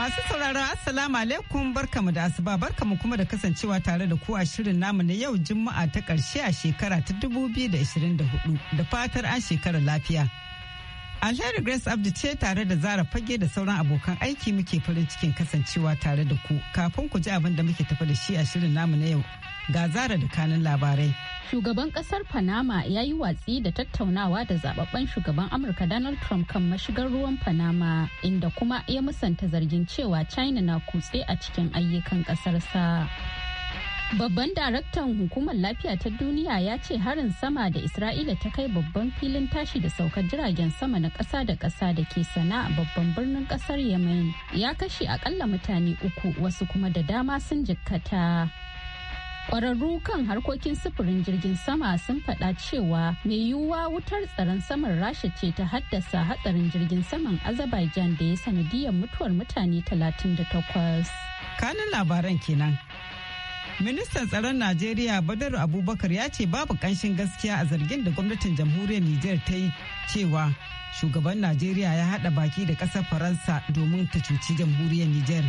Masu sauraro Assalamu alaikum barkamu da asuba barkamu kuma da kasancewa tare da ku a shirin namu na yau Juma'a ta ƙarshe a shekara ta 2024 da fatar an shekara lafiya. Alheri Grace Abdi ce tare da Zara Fage da sauran abokan aiki muke farin cikin kasancewa tare da ku kafin ku ji abin da muke tafi da shi a shirin namu na yau ga Zara da kanin labarai. Shugaban kasar Panama ya yi watsi da tattaunawa da zababben shugaban Amurka Donald Trump kan mashigar ruwan Panama inda kuma ya musanta zargin cewa China na kutse a cikin ayyukan kasarsa. Babban daraktan hukumar lafiya ta duniya ya ce harin sama da Isra'ila ta kai babban filin tashi da saukar jiragen sama na ƙasa da ƙasa da ke sana babban birnin ƙasar Yemen ya kashe akalla mutane uku wasu kuma da dama sun jikkata. Ƙwararru kan harkokin sufurin jirgin sama sun faɗa cewa mai yiwuwa wutar tsaron saman rasha ce ta haddasa hatsarin jirgin saman Azerbaijan da ya sanadiyar mutuwar mutane 38. Kanin labaran kenan. Ministan tsaron Najeriya Badaru Abubakar ya ce babu ƙanshin gaskiya a zargin da gwamnatin jamhuriyar Nijar ta yi cewa shugaban Najeriya ya haɗa baki da ƙasar Faransa domin ta cuci jamhuriyar Nijar.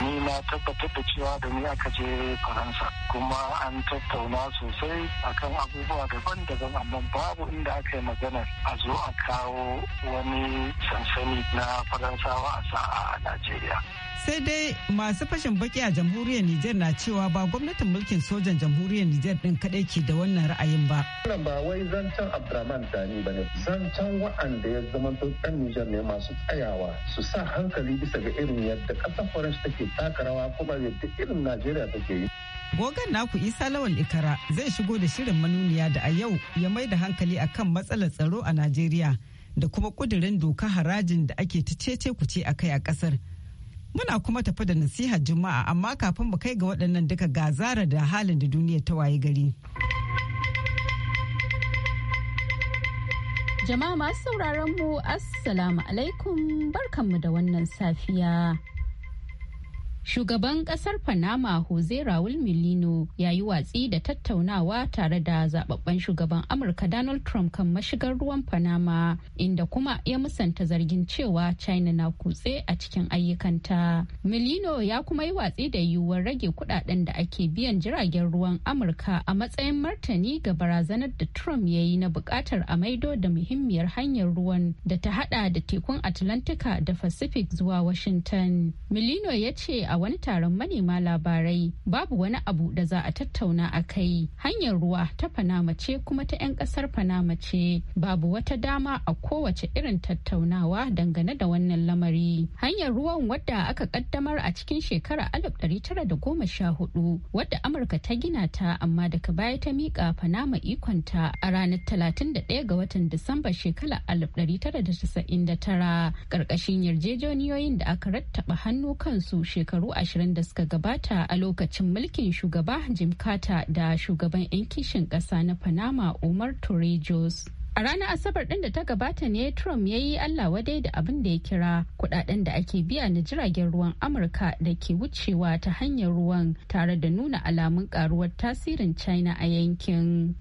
Ni na tabbatar da cewa da ni aka je Faransa kuma an tattauna sosai akan abubuwa daban-daban amma babu inda aka yi magana a zo a kawo wani sansani na Faransawa a sa'a a Najeriya. sai dai masu fashin baki a jamhuriyar Nijar na cewa ba gwamnatin mulkin sojan jamhuriyar Nijar din kadai ke da wannan ra'ayin ba. Wannan ba wai zancen Abdurrahman tani ba ne, zancen wa'anda ya zama ɗan Nijar ne masu tsayawa su sa hankali bisa ga irin yadda ƙasar Faransa take taka rawa kuma yadda irin Najeriya take yi. Gogan naku Isa Lawal Ikara zai shigo da shirin manuniya da a yau ya mai da hankali akan matsalar tsaro a Najeriya da kuma kudirin doka harajin da ake ta cece kuce a kai a ƙasar. Muna kuma tafi da nasihar Juma'a amma kafin mu kai ga waɗannan duka gazara da halin da duniya ta waye gari. Jama'a masu sauraron mu Assalamu alaikum barkanmu da wannan safiya. Shugaban kasar Panama Jose Raul Milino ya yi watsi da tattaunawa tare da zababben shugaban Amurka Donald Trump kan mashigar ruwan Panama inda kuma ya musanta zargin cewa China na kutse a cikin ayyukanta. Milino ya kuma yi watsi da yiwuwar rage kudaden da ake biyan jiragen ruwan Amurka a matsayin martani ga barazanar da Trump ya yi na bukatar a maido da muhimmiyar hanyar ruwan da ta hada da tekun Atlantika da Pacific zuwa Washington. Milino ya ce a wani taron manema labarai babu wani abu da za a tattauna a kai hanyar ruwa ta Panama ce kuma ta 'yan kasar Panama ce babu wata dama a kowace irin tattaunawa dangane da wannan lamari hanyar ruwan wadda aka kaddamar a cikin shekara goma sha hudu. wadda Amurka ta gina ta amma daga baya ta miƙa Panama ikonta a ranar 31 ga watan Disamba shekara tara. ƙarƙashin yarjejeniyoyin da aka rattaba hannu kansu shekaru shekaru ashirin da suka gabata a lokacin mulkin shugaba Jim Carter da shugaban 'yan kishin ƙasa na Panama umar Torrijos. A ranar Asabar ɗin da ta gabata ne Trump ya yi Allah wadai da abin da ya kira kudaden da ake biya na jiragen ruwan Amurka da ke wucewa ta hanyar ruwan tare da nuna alamun karuwar tasirin China a yankin.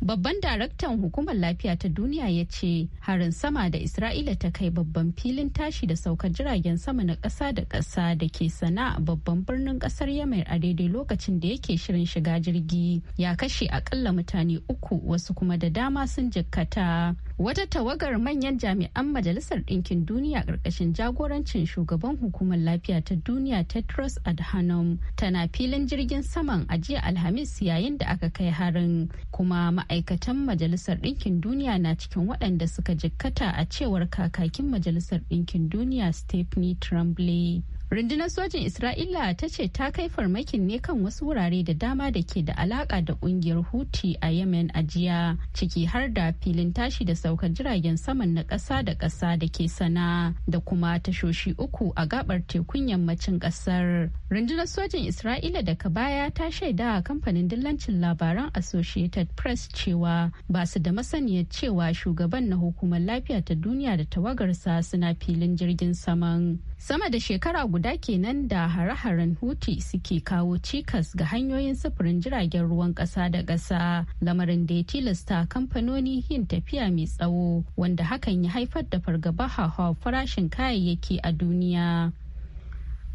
Babban daraktan hukumar lafiya ta duniya ya ce harin sama da Isra'ila ta kai babban filin tashi da saukar jiragen sama na ƙasa da ƙasa da ke sana a babban birnin ƙasar yamai a daidai lokacin da yake shirin shiga jirgi ya kashe akalla mutane uku wasu kuma da dama sun jikkata. wata tawagar manyan jami'an majalisar ɗinkin duniya ƙarƙashin jagorancin shugaban hukumar lafiya ta duniya TETROS adhanom tana filin jirgin saman a jiya alhamis yayin da aka kai harin kuma ma'aikatan majalisar ɗinkin duniya na cikin waɗanda suka jikkata a cewar kakakin majalisar ɗinkin duniya stephanie trumbly. rundunar sojin isra'ila ta ce ta kai farmakin ne kan wasu wurare da dama da ke da alaka da kungiyar huti a yemen a jiya ciki har da filin tashi da saukar jiragen saman na ƙasa da ƙasa da ke sana da kuma tashoshi uku a gabar tekun yammacin ƙasar rundunar sojin isra'ila daga baya ta shaida a kamfanin dillancin labaran associated press cewa ba su da masaniyar cewa shugaban na hukumar lafiya ta duniya da tawagarsa suna filin jirgin saman sama da shekara guda kenan da hare-haren huti suke kawo cikas ga hanyoyin sufurin jiragen ruwan ƙasa da ƙasa lamarin da ya tilasta kamfanoni yin tafiya mai tsawo wanda hakan ya haifar da fargaba hawa farashin kayayyaki a duniya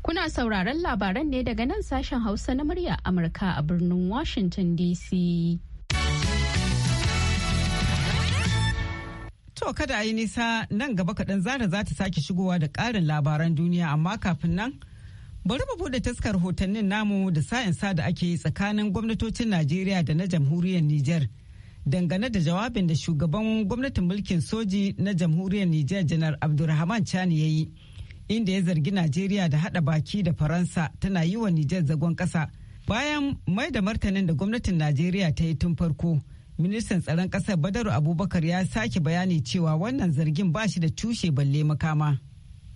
kuna sauraron labaran ne daga nan sashen hausa na murya amurka a birnin washington dc To kada a yi nisa nan gaba kaɗan zara za ta sake shigowa da ƙarin labaran duniya amma kafin nan bari mu buɗe taskar hotannin namu da sa da ake yi tsakanin gwamnatocin Najeriya da na jamhuriyar Nijar. dangane da jawabin da shugaban gwamnatin mulkin soji na jamhuriyar Nijar janar Abdulrahman Chani ya yi, inda ya zargi Najeriya da haɗa baki da Faransa tana yi wa Nijar zagon ƙasa. Bayan mai da martanin da gwamnatin Najeriya ta yi tun farko, ministan tsaron ƙasar badaru abubakar ya sake bayani cewa wannan zargin ba shi da tushe balle makama.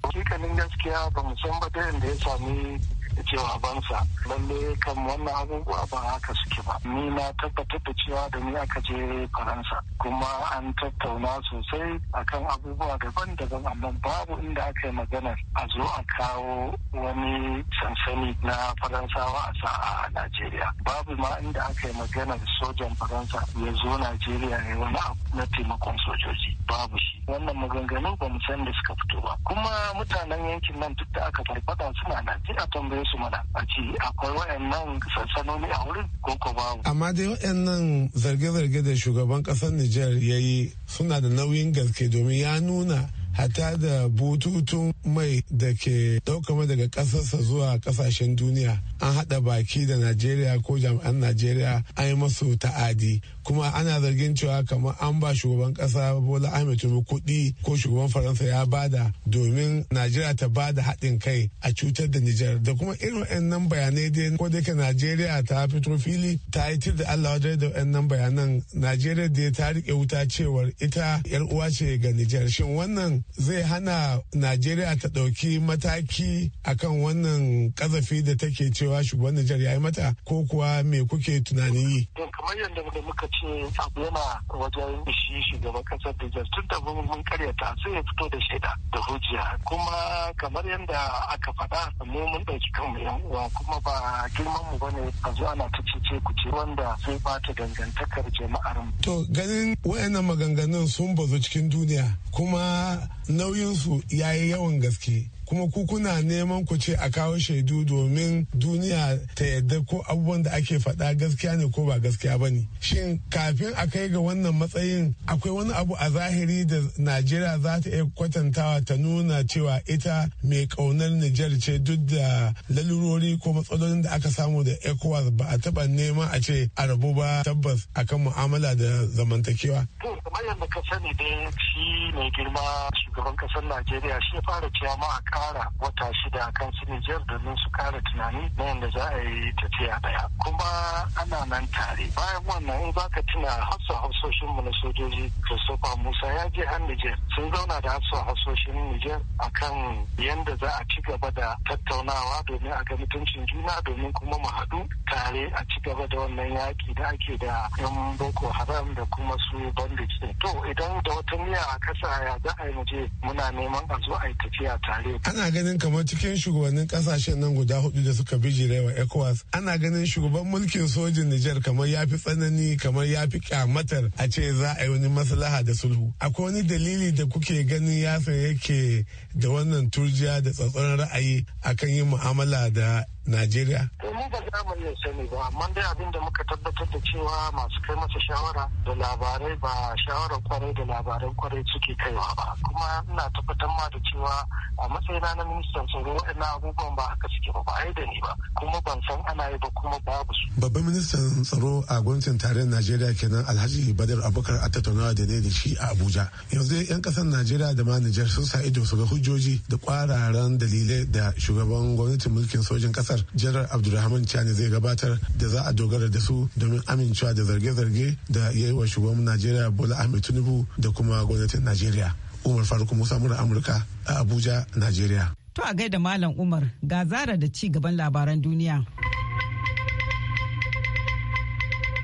hakikanin gaskiya ba mu san ba da ya sami cewa bansa lalle kan wannan abubuwa ba haka suke ba ni na tabbatar da cewa da ni aka je faransa kuma an tattauna sosai akan abubuwa daban-daban amma babu inda aka yi magana a zo a kawo wani sansani na faransawa a sa a najeriya babu ma inda aka yi maganar sojan faransa ya zo najeriya ya wani abu na taimakon sojoji babu shi wannan maganganu ba mu san da suka fito ba kuma mutanen yankin nan duk da aka farfada suna najeriya tambaye su mana a ce akwai wayannan sansanoni a wurin ko ko babu. Amma dai wayannan zarge-zarge da shugaban ƙasar Nijar ya yi suna da nauyin gaske domin ya nuna hata da bututun mai da ke daukama daga ƙasarsa zuwa ƙasashen duniya an haɗa baki da najeriya ko jami'an najeriya an yi masu ta'adi kuma ana zargin cewa kamar an ba shugaban ƙasa bola ahmed tinubu kuɗi ko shugaban faransa ya bada domin najeriya ta bada haɗin kai a cutar da nijar da kuma irin wa'annan bayanai dai ko da ke najeriya ta fito fili ta yi tir da allah wajen da wa'annan bayanan najeriya da ta riƙe wuta cewar ita yar uwa ce ga nijar shin wannan zai hana najeriya ta ɗauki mataki akan wannan kazafi da take cewa shugaban nijar ya yi mata ko kuwa me kuke tunanin yi kamar yadda da muka ce abu yana wajen shi shugaban kasar Nijar tun da mun karyata sai ya fito da shaida da hujja kuma kamar yadda aka faɗa mu mun ɗauki kanmu yan uwa kuma ba girman mu bane a zo ana ta cece ku ce wanda zai bata dangantakar jama'ar mu. To ganin wayannan maganganun sun bazu cikin duniya kuma nauyinsu yayi yawan gaske kuma ku kuna neman ku ce a kawo shaidu domin duniya ta yadda ko abubuwan da ake faɗa gaskiya ne ko ba gaskiya ba ne shin kafin a kai ga wannan matsayin akwai wani abu a zahiri da najeriya za ta iya kwatantawa ta nuna cewa ita mai ƙaunar nijar ce duk da lalurori ko matsalolin da aka samu da ecowas ba a taɓa nema a ce a rabu ba tabbas akan mu'amala da zamantakewa. to kamar yadda ka sani dai shi mai girma shugaban ƙasar najeriya shi ya fara ciyama a fara wata shida kan su Nijar domin su kare tunani na yadda za a yi tafiya daya. Kuma ana nan tare. Bayan wannan in baka tuna hafsa hafsoshin mu na sojoji Christopher Musa ya je har Nijar. Sun zauna da hafsa hausoshin Nijar akan yadda za a ci gaba da tattaunawa domin a ga mutuncin juna domin kuma mu haɗu tare a ci gaba da wannan yaƙi da ake da 'yan Boko Haram da kuma su bandit. To idan da wata miya a kasa ya za a yi muje muna neman a zo a yi tafiya tare ana ganin kamar cikin shugabannin kasashen nan guda hudu da suka bi wa ecowas ana ganin shugaban mulkin sojin nijar kamar ya fi tsanani kamar ya fi kyamatar a ce za a yi wani maslaha da sulhu akwai wani dalili da kuke ganin yasa yake da wannan turjiya da tsatsauran ra'ayi akan yin mu'amala da Najeriya? To eh, mu ba za mu iya sani ba, amma dai abin da muka tabbatar da cewa masu kai masa shawara da labarai ba shawarar kwarai da labaran kwarai suke kaiwa ba. Kuma ina tabbatar ma da cewa a matsayina na ministan tsaro waɗannan abubuwan ba haka suke ba, ba a yi da ni ba, kuma ban san ana yi ba kuma babu su. Babban ministan tsaro a gwamnatin tarayyar Najeriya kenan Alhaji Badar Abubakar a tattaunawa da ne da shi a Abuja. Yanzu 'yan ƙasar Najeriya da ma Nijar sun sa ido su ga hujjoji da kwararan dalilai da shugaban gwamnatin mulkin sojin ƙasar kasar janar abdulrahman chani zai gabatar da za a dogara da su domin amincewa da zarge-zarge da ya yi wa shugaban najeriya bola ahmed tinubu da kuma gwamnatin najeriya umar faruk musa mura amurka a abuja najeriya to a gaida malam umar ga zara da ci gaban labaran duniya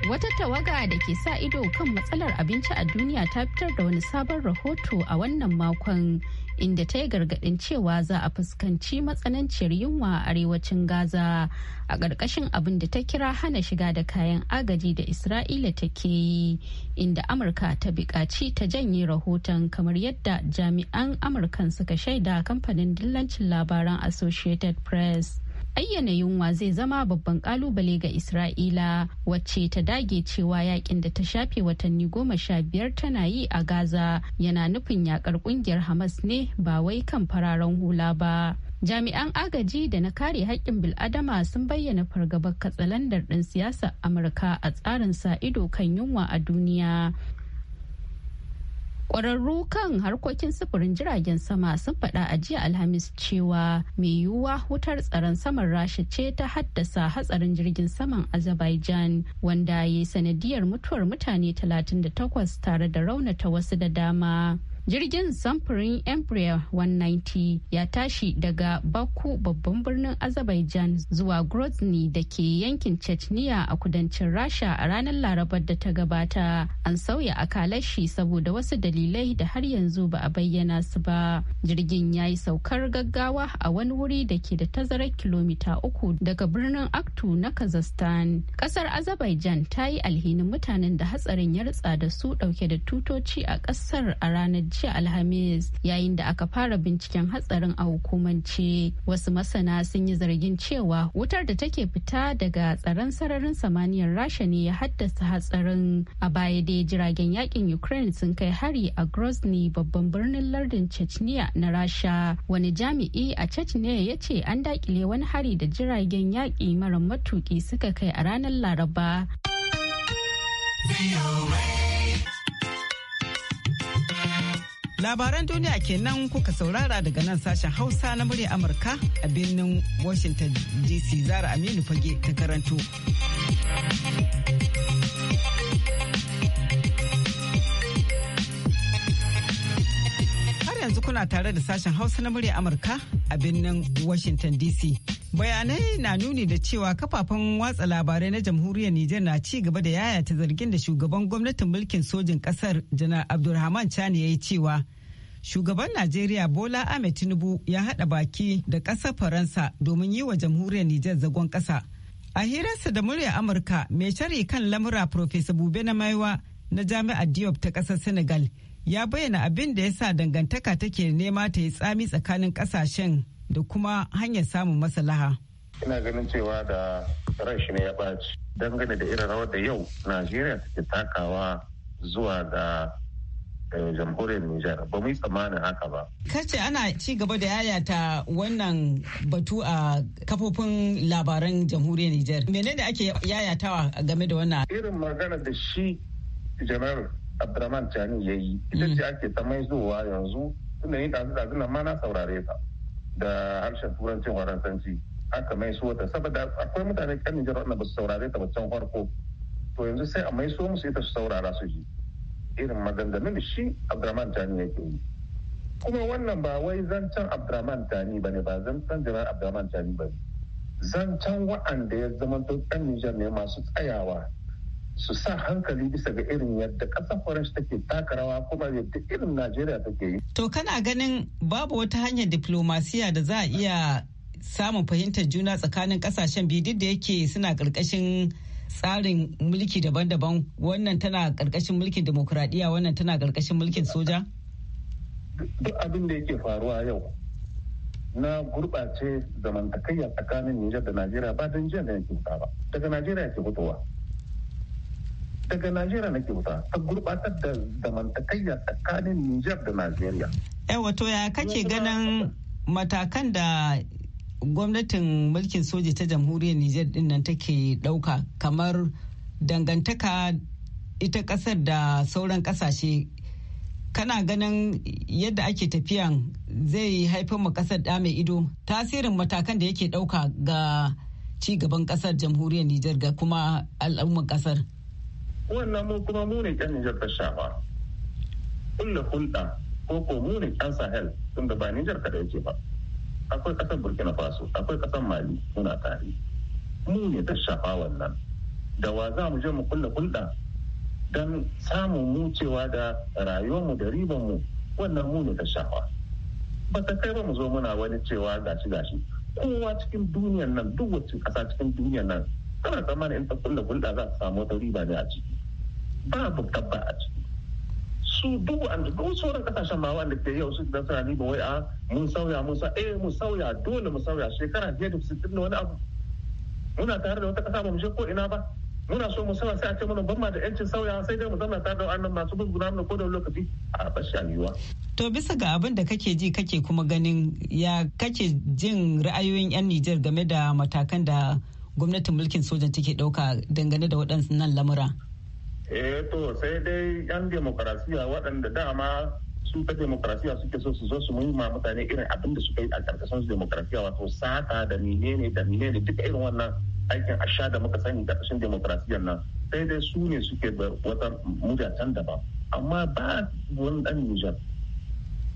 Wata tawaga da ke sa ido kan matsalar abinci a duniya ta fitar da wani sabon rahoto a wannan makon inda ta yi gargaɗin cewa za a fuskanci matsananciyar yunwa a arewacin Gaza a ƙarƙashin abin da ta kira hana shiga da kayan agaji da Isra'ila ta ke yi inda Amurka ta buƙaci ta janye rahoton kamar yadda jami'an Amurkan suka shaida kamfanin dillancin labaran Associated Press. ayyana yunwa zai zama babban kalubale ga isra'ila wacce ta dage cewa yakin da ta shafe watanni goma sha biyar tana yi a gaza yana nufin yakar kungiyar hamas ne ba wai kan fararen hula ba jami'an agaji da na kare haƙƙin bil'adama sun bayyana fargabar katsalandar ɗin siyasar amurka a tsarin sa ido kan yunwa a duniya Ƙwararru kan harkokin sufurin jiragen sama sun faɗa a jiya Alhamis cewa mai yiwuwa wutar tsaron saman Rasha ce ta haddasa hatsarin jirgin saman Azerbaijan wanda ya yi sanadiyar mutuwar mutane 38 tare da raunata wasu da dama. jirgin samfurin empire 190 ya tashi daga baku babban birnin azerbaijan zuwa grozny da ke yankin chechnya a kudancin rasha a ranar larabar da ta gabata an sauya akalar shi saboda wasu dalilai da har yanzu ba a bayyana su ba jirgin ya yi saukar gaggawa a wani wuri da ke da tazarar kilomita uku daga birnin aktu na kazakhstan kasar azerbaijan ta yi alhinin mutanen da hatsarin ya da su dauke da tutoci a kasar a ranar jiya alhamis yayin da aka fara binciken hatsarin a hukumance wasu masana sun yi zargin cewa wutar da take fita daga tsaron sararin samaniyar rasha ne ya haddasa hatsarin a baya dai jiragen yakin ukraine sun kai hari a grozny babban birnin lardin chechnya na rasha wani jami'i a chechnya ya ce an dakile wani hari da jiragen yaƙi mara matuki suka kai a ranar laraba. Labaran duniya kenan kuka saurara daga nan sashen Hausa na murya Amurka a birnin Washington DC Zara Aminu Fage ta karanto. Har yanzu kuna tare da sashen Hausa na murya Amurka a birnin Washington DC. bayanai na nuni da cewa kafafen watsa labarai na jamhuriyar nijar na ci gaba da yayata zargin da shugaban gwamnatin mulkin sojin kasar janar abdulrahman chani ya yi cewa shugaban najeriya bola ahmed tinubu ya haɗa baki da ƙasar faransa domin yi wa jamhuriyar nijar zagon ƙasa a hirarsa da murya amurka mai shari kan lamura profesa bube na maiwa na jami'ar diop ta ƙasar senegal ya bayyana abin da ya sa dangantaka take nema ta yi tsami tsakanin ƙasashen da kuma hanyar samun maslaha. Ina ganin cewa da rashi ne ya ɓaci dangane da irin rawar da yau Najeriya take takawa zuwa ga eh, jamhuriyar Nijar ba mu yi tsammanin haka ba. Kace ana ci gaba da yayata wannan batu a kafofin labaran jamhuriyar Nijar. Mene Menene ake yayatawa game da wannan? Irin magana da shi janar Abdurrahman Tani ya yi ita ce mm. ake ta mai zuwa yanzu tunda ni ɗazu na ma na saurare ta. da harshen turanci waransanci aka mai so ta saboda akwai mutane kan Nijar wanda ba su saurare ta can farko to yanzu sai a mai so musu ita su saurara su ji irin maganganun shi Abdurrahman Tani yake yi kuma wannan ba wai zancen Abdurrahman Tani ne ba zancen jiran Abdurrahman Tani ne zancen wa'anda ya zama kan Nijar ne masu tsayawa su sa hankali bisa ga irin yadda ƙasar faransh take taka rawa kuma yadda irin najeriya take yi. to kana ganin babu wata hanyar diplomasiya da za a iya samun fahimtar juna tsakanin ƙasashen biyu duk da yake suna ƙarƙashin tsarin mulki daban-daban wannan tana ƙarƙashin mulkin demokuraɗiyya wannan tana ƙarƙashin mulkin soja? duk abin da yake faruwa yau na gurɓace zamantakayya tsakanin Nijar da Najeriya ba don jiya da yankin ba daga Najeriya ke fitowa. daga najeriya na kyauta ta gurbatar da zamantakayya tsakanin nijar da najeriya yawa eh, wato ya kake ganin matakan da gwamnatin mulkin soji ta jamhuriyar nijar din nan take dauka kamar dangantaka ita kasar da sauran kasashe kana ganin yadda ake tafiyan zai haifar ma kasar da mai ido tasirin matakan da yake dauka ga ci gaban kasar jamhuriyar nijar ga kuma al'ummar kasar wannan mu kuma mu ne kan Nijar ta shafa kulla hulɗa ko ko mu ne kan Sahel tunda ba Nijar kaɗai yake ba akwai ƙasar Burkina Faso akwai ƙasar Mali muna tare mu ne ta shafa wannan da wa za mu je mu kulla hulɗa don samun mu cewa da rayuwarmu da ribanmu wannan mu ne ta shafa ba ta kai ba mu zo muna wani cewa gashi gashi kowa cikin duniyar nan duk wacce ƙasa cikin duniyar nan tana tsammanin in ta kulle hulɗa za ta samu wata riba ne a ciki babu gaba a ciki su duk wanda duk sauran kasashen ma wanda ke yau su da ni ba wai a ah, mun sauya mun sa eh mun sauya dole mun sauya shekara biyar da su tunda wani abu muna tare da wata kasa ba mu je ko ina ba muna so mu sauya sai a ce mana ban ma da yancin sauya sai dai mu zama tare da wannan masu bin gudanar ko da lokaci a bashi yiwuwa. To bisa ga abin da kake ji kake kuma ganin ya kake jin ra'ayoyin 'yan Nijar game da matakan da gwamnatin mulkin sojan take ɗauka dangane da waɗannan lamura. eh to sai dai yan demokarasiya waɗanda dama su ta demokarasiya suke so su zo su yi ma mutane irin abin da suka yi a karkashin su demokarasiya wato sata da menene da menene duka irin wannan aikin a sha da muka sani karkashin demokarasiyan nan sai dai su ne suke da wata can daban amma ba wani dan nijar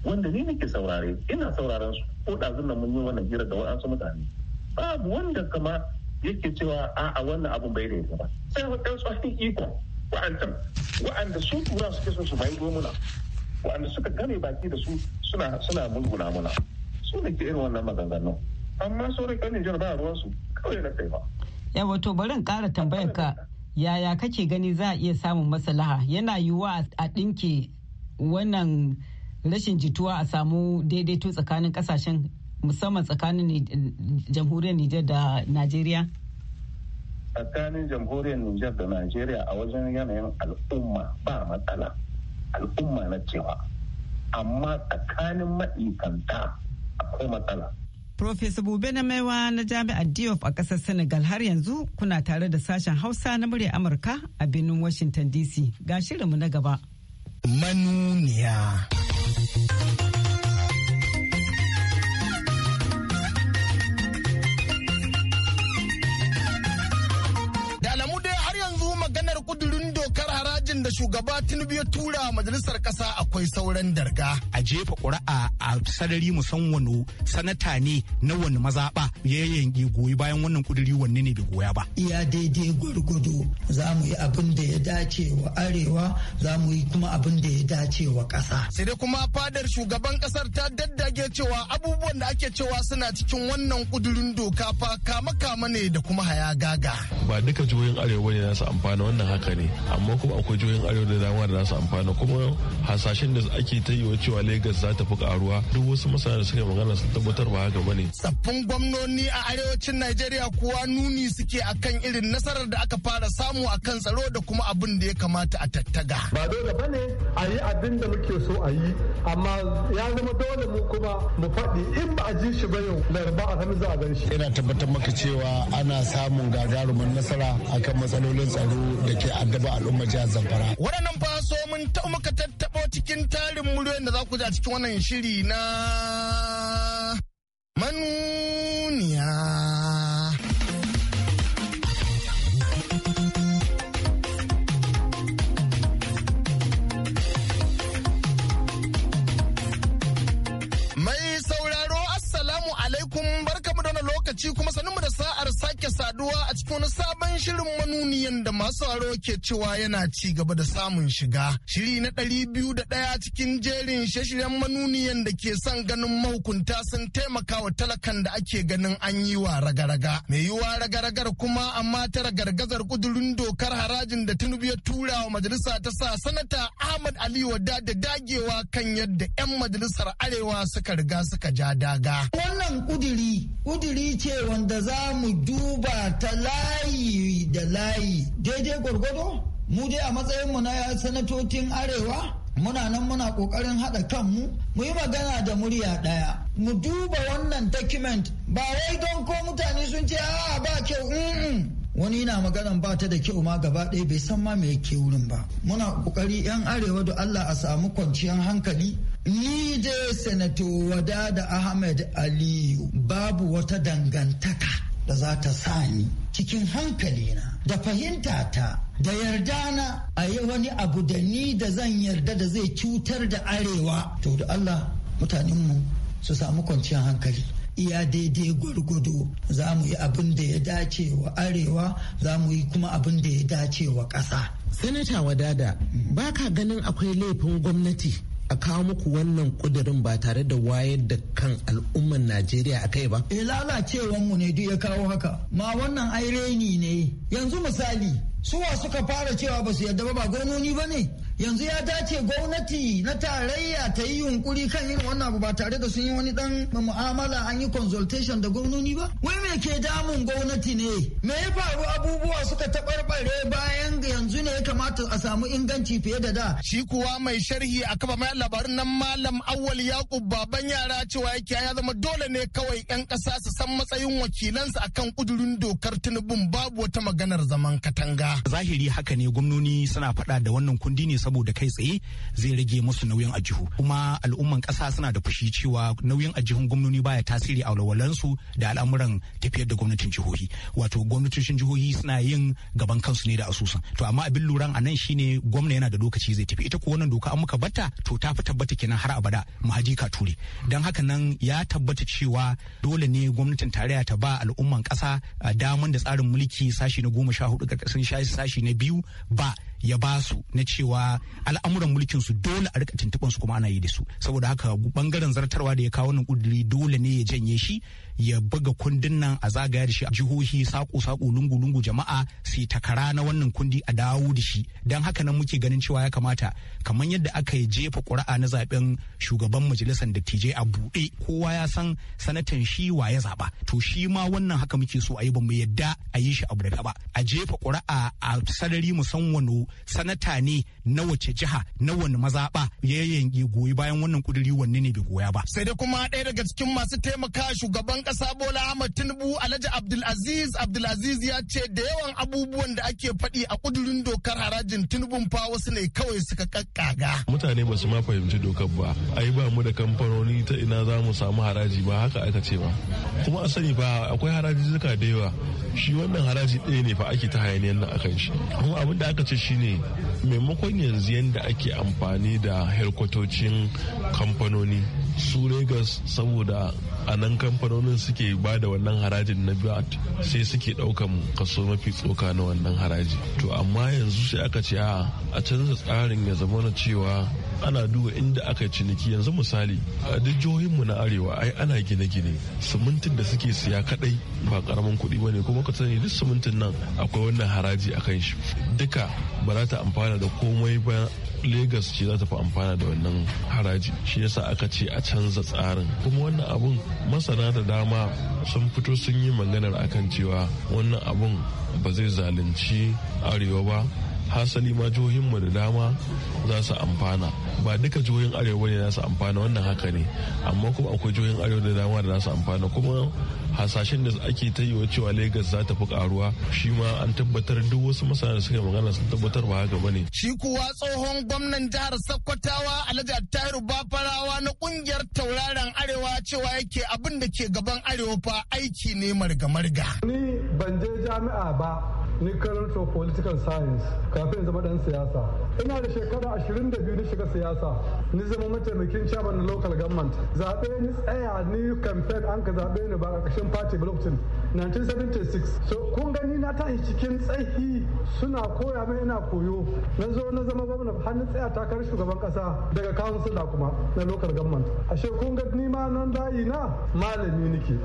wanda ni nake saurare ina sauraron su ko da nan mun yi wannan hira da wa'ansu mutane babu wanda kama yake cewa a'a wannan abun bai da ba sai wa a cikin iko wa'antan wa'anda su tura suke so su bayi muna wa'anda suka gane baki da su suna suna mulguna muna su ne ke irin wannan maganganun amma sauran kanin Nijar ba ruwan su kawai na kai ba yawa to bari in kara tambayar ka yaya kake gani za a iya samun maslaha yana yiwuwa a dinke wannan rashin jituwa a samu daidaito tsakanin kasashen musamman tsakanin jamhuriyar Nijar da Najeriya? tsakanin jamhuriyar Nijar da Najeriya a wajen yanayin al'umma ba matsala al'umma na cewa amma tsakanin ma'aikanta akwai matsala. Profesa Bube na Maiwa na Jami'ar Diop a ƙasar Senegal har yanzu kuna tare da sashen Hausa na murya Amurka a birnin Washington DC. Ga shirinmu na gaba. Manuniya. waɗanda shugaba Tinubu ya tura majalisar ƙasa akwai sauran darga. A jefa ƙuri'a a sarari musan wani sanata ne na wani mazaɓa ya yanke goyi bayan wannan ƙuduri wanne ne bai goya ba. Iya daidai gwargwado za mu yi abin da ya dace wa arewa za mu yi kuma abin da ya dace wa ƙasa. Sai dai kuma fadar shugaban ƙasar ta daddage cewa abubuwan da ake cewa suna cikin wannan ƙudurin doka fa kama-kama ne da kuma gaga. Ba duka jihohin arewa ne za su amfana wannan haka ne amma kuma akwai jihohin arewa da dama da su amfana kuma hasashen da ake ta yi wa cewa legas za ta fi karuwa duk wasu masana da suka magana sun tabbatar ba haka bane sabbin gwamnoni a arewacin najeriya kuwa nuni suke akan irin nasarar da aka fara samu akan tsaro da kuma abin da ya kamata a tattaga ba dole bane a yi abin da muke so a yi amma ya zama dole mu kuma mu faɗi in ba a ji shi ba yau larba a sami za a gan shi ina tabbatar maka cewa ana samun gagarumin nasara akan matsalolin tsaro da ke addaba al'ummar jihar zamfara yara waɗannan fa so mun taɓa muka tattaɓo cikin tarin muryoyin da za ku a cikin wannan shiri na manuniya lokaci kuma sanin mu da sa'ar sake saduwa a cikin wani sabon shirin manuniyan da masu aro ke cewa yana ci gaba da samun shiga. Shiri na ɗari biyu da ɗaya cikin jerin shirye manuniyan da ke son ganin mahukunta sun taimaka wa talakan da ake ganin an yi wa raga-raga. Mai yi raga-ragar kuma amma ta ragargazar kudurin dokar harajin da Tinubu ya tura wa majalisa ta sa sanata Ahmad Ali Wada da dagewa kan yadda 'yan majalisar Arewa suka riga suka ja daga. Wannan kuduri, kuduri ce wanda za mu duba duba ta layi da layi daidai gwargwado mu dai a matsayin mu na sanatocin arewa muna nan muna kokarin haɗa kanmu mu yi magana da murya ɗaya mu duba wannan document ba wai don ko mutane sun ce a ba kyau wani na maganan ba ta da kyau ma gaba ɗaya bai san ma me yake wurin ba muna kokari yan arewa da Allah a samu kwanciyar hankali ni dai senator wada da Ahmed Aliyu babu wata dangantaka da za ta sa ni cikin hankalina da fahimta ta da yarda na a yi wani abu da ni da zan yarda da zai cutar da arewa to da Allah mutanenmu su samu kwanciyar hankali iya daidai gwargwado za mu yi abin da ya dace wa arewa za mu yi kuma abin da ya dace wa ƙasa. Sanata wadada baka ganin akwai laifin gwamnati a kawo muku wannan kudirin ba tare da wayar da kan al'umman Najeriya a kai ba? E eh, lalacewan mu ne duk ya kawo haka. Ma wannan aireni ne. Yanzu misali su suwa suka fara cewa ba su yadda ba ba gwamnoni ba ne yanzu ya dace gwamnati na tarayya ta yi yunkuri kan yin wannan abu ba tare da sun yi wani dan mu'amala an yi consultation da gwamnoni ba wai me ke damun gwamnati ne me ya faru abubuwa suka taɓarɓare bayan yanzu ne ya kamata a samu inganci fiye da da shi kuwa mai sharhi a kafa mai labarin nan malam awwal yaqub baban yara cewa yake ya zama dole ne kawai yan ƙasa su san matsayin wakilansa akan kudurin dokar tinubun babu wata maganar zaman katanga zahiri haka ne gwamnoni suna faɗa da wannan kundi ne saboda kai tsaye zai rage musu nauyin ajihu kuma al'umman kasa suna da fushi cewa nauyin ajihun gwamnoni baya tasiri a walwalansu da al'amuran tafiyar da gwamnatin jihohi wato gwamnatocin jihohi suna yin gaban kansu ne da asusun to amma abin luran a nan shine gwamna yana da lokaci zai tafi ita ko wannan doka an muka bata to ta fi tabbata kenan har abada mahaji ka ture don haka nan ya tabbata cewa dole ne gwamnatin tarayya ta ba al'umman ƙasa daman da tsarin mulki sashi na goma sha hudu ƙarƙashin sashi na biyu ba ya ba su na cewa al'amuran mulkin su dole a rika tuntuban su kuma ana yi da su saboda haka bangaren zartarwa da ya kawo nan kuduri dole ne ya janye shi ya buga kundin nan a zagaya da shi a jihohi sako sako lungu lungu jama'a su takara na wannan kundi a dawo da shi dan haka nan muke ganin cewa ya kamata kamar yadda aka yi jefa ƙuri'a na zaben shugaban majalisar dattijai a buɗe kowa ya san sanatan shi wa ya zaba to shi ma wannan haka muke so a yi ba mu yadda a yi shi a buɗe ba a jefa ƙuri'a a sarari musamman sanata ne na wace jiha na wani mazaɓa ya yanki goyi bayan wannan kuduri wanne ne bai goya ba. Sai dai kuma ɗaya daga cikin masu taimaka shugaban ƙasa Bola Ahmad Tinubu Alhaji Abdulaziz Abdulaziz ya ce da yawan abubuwan da ake faɗi a kudurin dokar harajin Tinubun fa wasu ne kawai suka kakkaga. Mutane ba su ma fahimci dokar ba. Ai ba mu da kamfanoni ta ina za mu samu haraji ba haka aka ce ba. Kuma a sani ba akwai haraji zuka da yawa. Shi wannan haraji ɗaya ne fa ake ta hayaniyar nan akan shi. Kuma abin da aka ce shi ne maimakon yanzu yadda ake amfani da helkwatocin kamfanoni su Legas saboda a nan kamfanonin suke ba da wannan harajin na VAT sai suke daukan kaso mafi tsoka na wannan haraji to amma yanzu sai aka ce a canza tsarin ya zama na cewa ana duba inda aka ciniki yanzu misali a duk jihohinmu na arewa ai ana gine-gine simintin da suke siya kadai ba karamin kuɗi ba ne kuma ka sani duk simintin nan akwai wannan haraji a kan shi duka ba za ta amfana da komai ba Legas ce za ta fi amfana da wannan haraji shi yasa aka ce a canza tsarin kuma wannan abun masana da dama sun fito sun yi maganar akan cewa wannan abun ba zai zalunci arewa ba hasali ma jihohinmu da dama za su amfana ba duka jihohin arewa ne za su amfana wannan haka ne amma kuma akwai jihohin arewa da dama da za su amfana kuma hasashen da ake ta yi cewa Legas za ta fi karuwa shi ma an tabbatar duk wasu masana da suka magana sun tabbatar ba haka ne. Shi kuwa tsohon gwamnan jihar sakkwatawa Alhaji Tahiru Bafarawa na kungiyar tauraron Arewa cewa yake abin da ke gaban Arewa fa aiki ne marga-marga. Ni ban je jami'a ba ni karanta political science kafin zama dan siyasa. Ina da shekara 22 na shiga siyasa. nasa ni zama mataimakin chairman na local government zaɓe ni tsaya ni campaign an ka zaɓe ni ba ƙarƙashin party blockchain 1976 so kun gani na tashi cikin tsayi suna koya mai ina koyo na zo na zama gwamna hannun tsaya takarar shugaban ƙasa daga councilor kuma na local government ashe kun ga ni ma nan na malami nake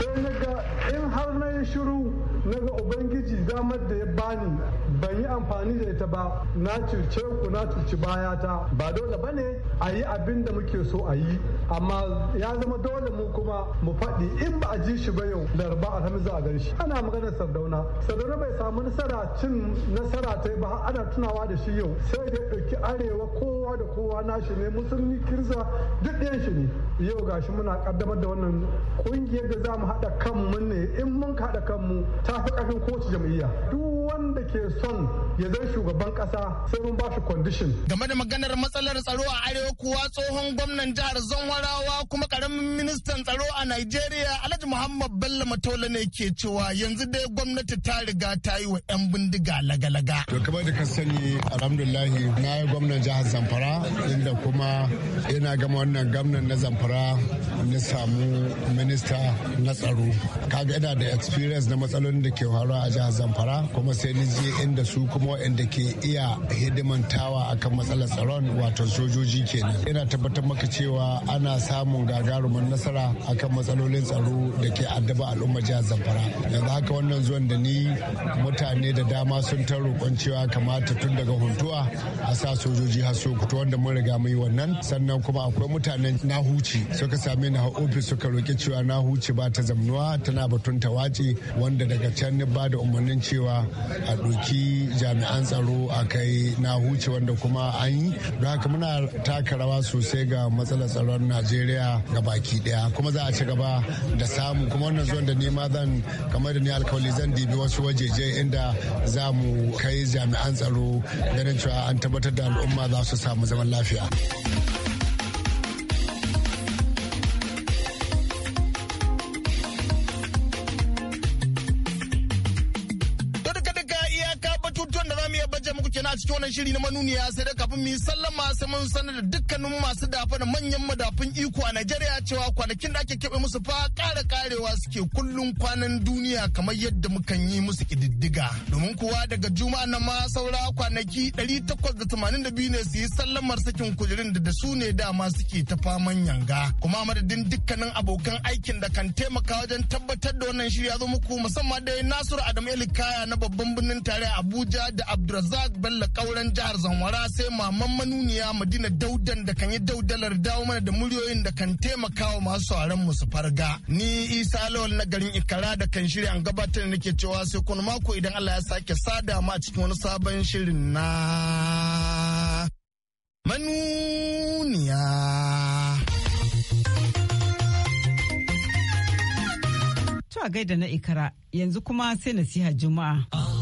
sai na ga in har na yi shiru na ga ubangiji damar da ya bani ban yi amfani da ita ba na cuce ku na cuci ta ba don dole ba ne a yi abin da muke so a yi amma ya zama dole mu kuma mu faɗi in ba a ji shi ba yau laraba alhamis za a gan shi ana maganar sardauna sardauna bai samu nasara cin nasara ta ba ana tunawa da shi yau sai da ɗauki arewa kowa da kowa nashi ne musulmi kirza duk ɗayan shi ne yau gashi muna kaddamar da wannan kungiyar da za mu haɗa kanmu ne in mun haɗa kanmu ta fi ƙarfin kowace jam'iyya duk wanda ke son ya zai shugaban ƙasa sai mun ba shi kwandishin game da maganar matsalar matsalar tsaro a arewa kuwa tsohon gwamnan jihar Zanwarawa kuma karamin ministan tsaro a nigeria Alhaji Muhammad Bello Matola ne ke cewa yanzu dai gwamnati ta riga ta yi wa 'yan bindiga lagalaga. To kamar da ka sani alhamdulahi na yi gwamnan jihar Zamfara inda kuma ina gama wannan gwamnan na Zamfara na samu minista na tsaro. Kaga ina da experience na matsalolin da ke faruwa a jihar Zamfara kuma sai ni je inda su kuma waɗanda ke iya hidimantawa akan matsalar tsaron wato sojoji kenan yana tabbatar maka cewa ana samun gagarumin nasara akan matsalolin tsaro da ke addaba al'umma jihar zamfara yanzu haka wannan zuwan da ni mutane da dama sun ta roƙon cewa kamata tun daga huntuwa a sa sojoji har sokoto wanda mun riga mu yi wannan sannan kuma akwai mutanen na huci suka same ni a ofis suka roƙi cewa na huce ba ta zamnuwa tana batun ta wace wanda daga can ni ba da umarnin cewa a ɗauki jami'an tsaro a kai na huci wanda kuma an yi muna taka rawa sosai ga matsalar tsaron najeriya ga baki daya kuma za a ci gaba da samu kuma wannan zuwan da nema zan kamar da ni alkawali zan dibi wasu wajeje inda za mu kai jami'an tsaro ganin cewa an tabbatar da al'umma za su samu zaman lafiya. shiri na manuniya sai da kafin mu sallama sai mun sanar da dukkanin masu dafa da manyan madafun iko a Najeriya cewa kwanakin da ake keɓe musu fa ƙara karewa suke kullun kwanan duniya kamar yadda mukan yi musu ƙididdiga. Domin kuwa daga juma'a na ma saura kwanaki 882 ne su yi sallamar sakin kujerun da da su ne dama suke ta faman yanga. Kuma madadin dukkanin abokan aikin da kan taimaka wajen tabbatar da wannan shirya zo muku musamman dai Nasiru Adamu Elikaya na babban birnin tare Abuja da Abdulrazak Bello Kauran jihar Zamfara sai maman manuniya Madina Daudan da kan yi daudalar dawo mana da muryoyin da kan taimaka wa masu sauran mu su farga. Ni Isa Lawal na garin Ikara da kan shirya an gabatar nake cewa sai kuma mako idan Allah ya sake sada ma cikin wani sabon shirin na manuniya. To a gaida na Ikara yanzu kuma sai nasiha Juma'a.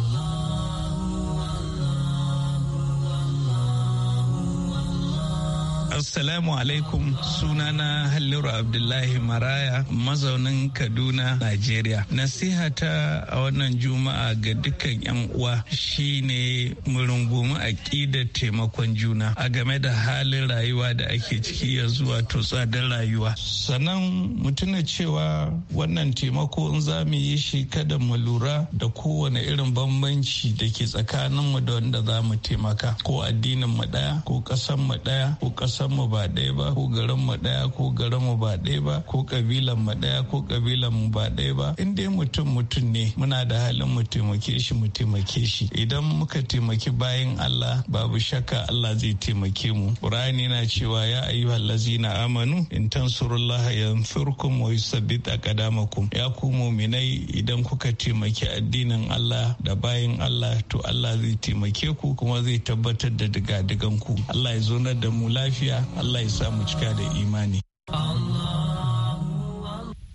Assalamu alaikum sunana Halliru Abdullahi Maraya mazaunin Kaduna, Najeriya. Nasiha ta a wannan juma'a ga dukkan 'yan uwa shine murungumi a ƙidar taimakon juna a game da halin rayuwa da ake ciki ya zuwa to tsadar rayuwa. Sannan mutuna cewa wannan taimako in za mu yi shi kada mu lura da kowane irin bambanci da ke tsakaninmu da wanda za mu taimaka ko addinin mu ɗaya ko ƙasan mu ɗaya ko ƙasan kasan mu ba ɗaya ba ko garin mu ɗaya ko garin mu ba ɗaya ba ko kabilan mu ɗaya ko kabilan mu ba ɗaya ba in dai mutum mutum ne muna da halin mu taimake shi mu taimake shi idan muka taimaki bayan Allah babu shakka Allah zai taimake mu Qur'ani na cewa ya ayyuhal ladzina amanu in tansurullah yansurkum wa yusabbit aqdamakum ya ku mu'minai idan kuka taimaki addinin Allah da bayan Allah to Allah zai taimake ku kuma zai tabbatar da diga digan ku Allah ya zonar da mu lafiya lafiya Allah ya samu cika da imani.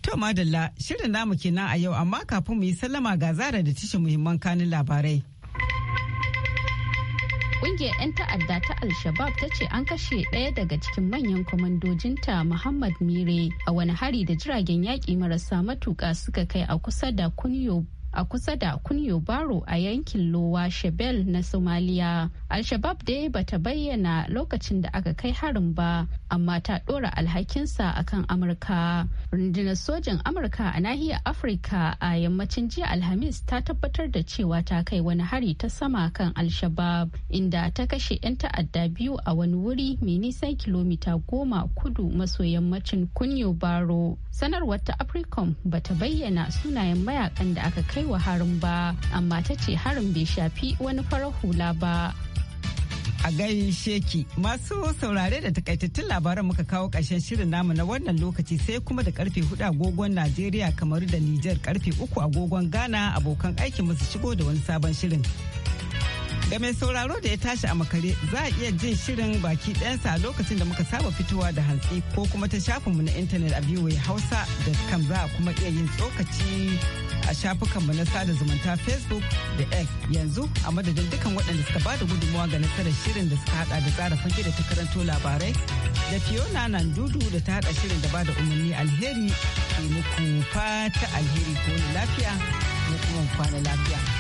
To madalla shirin namu kenan a yau amma kafin mu yi sallama ga zara da tishin muhimman kanin labarai. Ƙungiyar 'yan ta'adda ta Al-Shabab ta ce an kashe ɗaya daga cikin manyan kwamandojinta Muhammad Mire a wani hari da jiragen yaƙi marasa matuƙa suka kai a kusa da Kunyo a kusa da kunyo baro a yankin lowa shebel na somaliya al-shabab dai bata bayyana lokacin da aka kai harin ba amma ta dora alhakinsa akan amurka rundunar sojin amurka a nahiyar afirka a yammacin jiya alhamis ta tabbatar da cewa ta kai wani hari ta sama kan al-shabab inda ta kashe 'yan ta'adda biyu a wani wuri mai nisan kilomita goma kudu maso yammacin kunyo baro sanarwar ta africom bata bayyana sunayen mayakan da aka kai kai wa harin ba amma ta ce harin bai shafi wani farar hula ba a gaishe masu saurare da takaitattun labaran muka kawo ƙarshen shirin namu na wannan lokaci sai kuma da karfe hudu agogon najeriya kamar da nijar karfe uku agogon ghana abokan aikin su shigo da wani sabon shirin ga mai sauraro da ya tashi a makare za a iya jin shirin baki ɗansa a lokacin da muka saba fitowa da hantsi ko kuma ta shafinmu na intanet a hausa da kam za a kuma iya yin tsokaci a shafukan shafukanmu na sada zumunta facebook da x yanzu a madadin dukan waɗanda suka ba da gudummawa ga nasarar shirin da suka hada da tsara fage da ta karanto labarai da fiona nan dudu da ta hada shirin da ba da umarni alheri ke muku fata alheri ko lafiya mu kuma kwana lafiya.